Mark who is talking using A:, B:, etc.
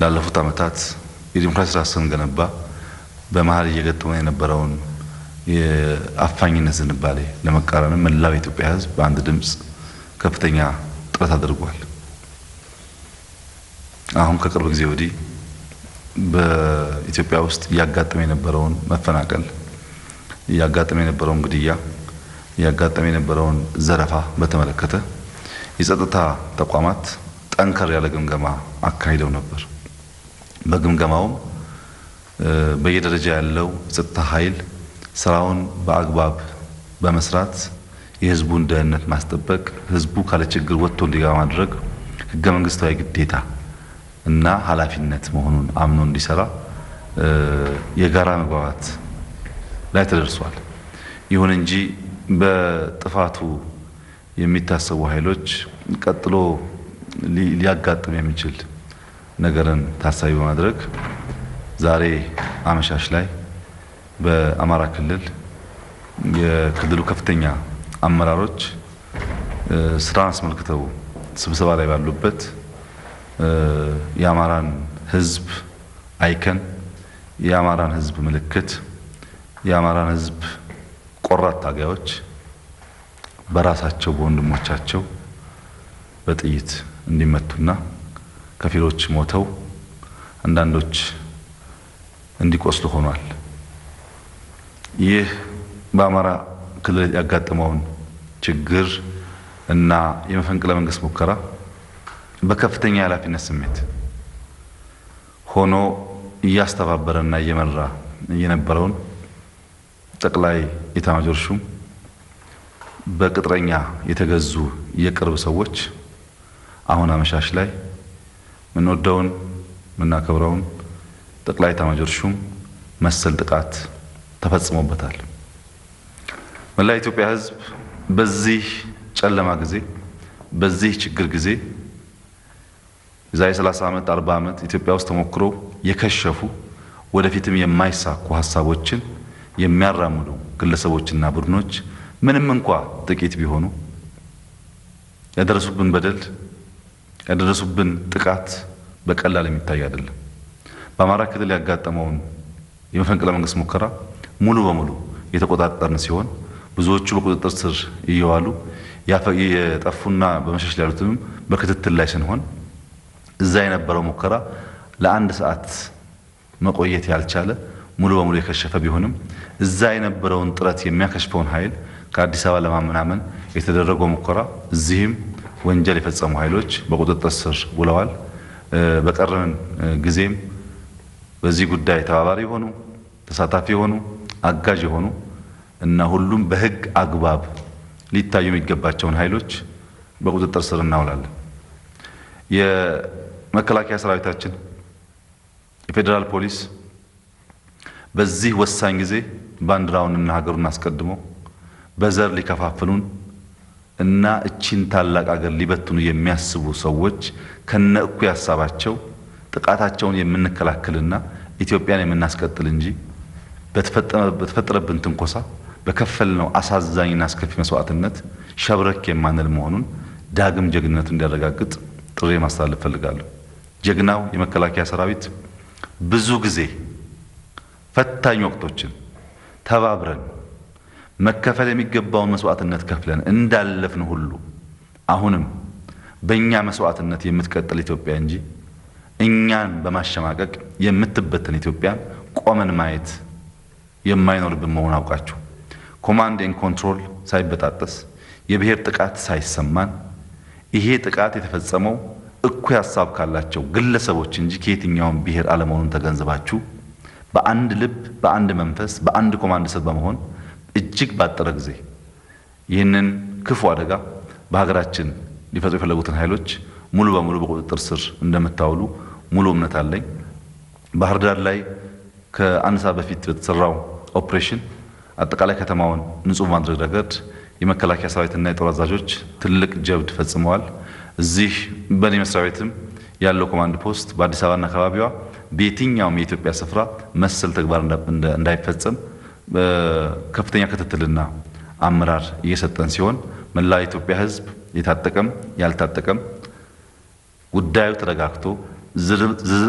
A: ላለፉት ዓመታት የዲሞክራሲ ስርዓት ስንገነባ በመሀል እየገጠመ የነበረውን የአፋኝነት ዝንባሌ ለመቃረንም መላው የኢትዮጵያ ሕዝብ በአንድ ድምፅ ከፍተኛ ጥረት አድርጓል። አሁን ከቅርብ ጊዜ ወዲህ በኢትዮጵያ ውስጥ እያጋጠመ የነበረውን መፈናቀል፣ እያጋጠመ የነበረውን ግድያ፣ እያጋጠመ የነበረውን ዘረፋ በተመለከተ የጸጥታ ተቋማት ጠንከር ያለ ግምገማ አካሂደው ነበር። በግምገማውም በየደረጃ ያለው ጸጥታ ኃይል ስራውን በአግባብ በመስራት የህዝቡን ደህንነት ማስጠበቅ፣ ህዝቡ ካለ ችግር ወጥቶ እንዲገባ ማድረግ ህገ መንግስታዊ ግዴታ እና ኃላፊነት መሆኑን አምኖ እንዲሰራ የጋራ መግባባት ላይ ተደርሷል። ይሁን እንጂ በጥፋቱ የሚታሰቡ ኃይሎች ቀጥሎ ሊያጋጥም የሚችል ነገርን ታሳቢ በማድረግ ዛሬ አመሻሽ ላይ በአማራ ክልል የክልሉ ከፍተኛ አመራሮች ስራን አስመልክተው ስብሰባ ላይ ባሉበት የአማራን ሕዝብ አይከን፣ የአማራን ሕዝብ ምልክት፣ የአማራን ሕዝብ ቆራት ታጋዮች በራሳቸው በወንድሞቻቸው በጥይት እንዲመቱና ከፊሎች ሞተው አንዳንዶች እንዲቆስሉ ሆኗል። ይህ በአማራ ክልል ያጋጠመውን ችግር እና የመፈንቅለ መንግስት ሙከራ በከፍተኛ የኃላፊነት ስሜት ሆኖ እያስተባበረና እየመራ የነበረውን ጠቅላይ ኤታማዦር ሹም በቅጥረኛ የተገዙ የቅርብ ሰዎች አሁን አመሻሽ ላይ የምንወደውን የምናከብረውን ጠቅላይ ኤታማዦር ሹም መሰል ጥቃት ተፈጽሞበታል። መላ ኢትዮጵያ ሕዝብ በዚህ ጨለማ ጊዜ በዚህ ችግር ጊዜ የዛሬ 30 ዓመት 40 ዓመት ኢትዮጵያ ውስጥ ተሞክሮ የከሸፉ ወደፊትም የማይሳኩ ሀሳቦችን የሚያራምዱ ግለሰቦችና ቡድኖች ምንም እንኳ ጥቂት ቢሆኑ ያደረሱብን በደል ያደረሱብን ጥቃት በቀላል የሚታይ አይደለም። በአማራ ክልል ያጋጠመውን የመፈንቅለ መንግስት ሙከራ ሙሉ በሙሉ የተቆጣጠርን ሲሆን ብዙዎቹ በቁጥጥር ስር እየዋሉ የጠፉና በመሸሽ ላይ ያሉትም በክትትል ላይ ስንሆን እዛ የነበረው ሙከራ ለአንድ ሰዓት መቆየት ያልቻለ ሙሉ በሙሉ የከሸፈ ቢሆንም እዛ የነበረውን ጥረት የሚያከሽፈውን ኃይል ከአዲስ አበባ ለማመናመን የተደረገው ሙከራ እዚህም ወንጀል የፈጸሙ ኃይሎች በቁጥጥር ስር ውለዋል። በቀረን ጊዜም በዚህ ጉዳይ ተባባሪ የሆኑ ተሳታፊ የሆኑ አጋዥ የሆኑ እና ሁሉም በሕግ አግባብ ሊታዩ የሚገባቸውን ኃይሎች በቁጥጥር ስር እናውላለን። የመከላከያ ሰራዊታችን፣ የፌዴራል ፖሊስ በዚህ ወሳኝ ጊዜ ባንዲራውንና ሀገሩን አስቀድሞ በዘር ሊከፋፍሉን እና እቺን ታላቅ አገር ሊበትኑ የሚያስቡ ሰዎች ከነ እኩይ ሀሳባቸው ጥቃታቸውን የምንከላከልና ኢትዮጵያን የምናስቀጥል እንጂ በተፈጠረብን ትንኮሳ በከፈልነው አሳዛኝና አስከፊ መስዋዕትነት ሸብረክ የማንል መሆኑን ዳግም ጀግንነቱ እንዲያረጋግጥ ጥሪ ማስተላለፍ ፈልጋለሁ። ጀግናው የመከላከያ ሰራዊት ብዙ ጊዜ ፈታኝ ወቅቶችን ተባብረን መከፈል የሚገባውን መስዋዕትነት ከፍለን እንዳለፍን ሁሉ አሁንም በእኛ መስዋዕትነት የምትቀጥል ኢትዮጵያ እንጂ እኛን በማሸማቀቅ የምትበትን ኢትዮጵያን ቆመን ማየት የማይኖርብን መሆን አውቃችሁ ኮማንድ ን ኮንትሮል ሳይበጣጠስ የብሔር ጥቃት ሳይሰማን ይሄ ጥቃት የተፈጸመው እኩይ ሀሳብ ካላቸው ግለሰቦች እንጂ ከየትኛውም ብሔር አለመሆኑን ተገንዝባችሁ በአንድ ልብ፣ በአንድ መንፈስ፣ በአንድ ኮማንድ ስር በመሆን እጅግ ባጠረ ጊዜ ይህንን ክፉ አደጋ በሀገራችን ሊፈጽሙ የፈለጉትን ኃይሎች ሙሉ በሙሉ በቁጥጥር ስር እንደምታውሉ ሙሉ እምነት አለኝ። ባህር ዳር ላይ ከአንድ ሰዓት በፊት በተሰራው ኦፕሬሽን አጠቃላይ ከተማውን ንጹህ ማድረግ ረገድ የመከላከያ ሰራዊትና የጦር አዛዦች ትልቅ ጀብድ ፈጽመዋል። እዚህ በእኔ መስሪያ ቤትም ያለው ኮማንድ ፖስት በአዲስ አበባና አካባቢዋ በየትኛውም የኢትዮጵያ ስፍራ መሰል ተግባር እንዳይፈጸም ከፍተኛ ክትትልና አመራር እየሰጠን ሲሆን መላ የኢትዮጵያ ሕዝብ የታጠቀም ያልታጠቀም ጉዳዩ ተረጋግቶ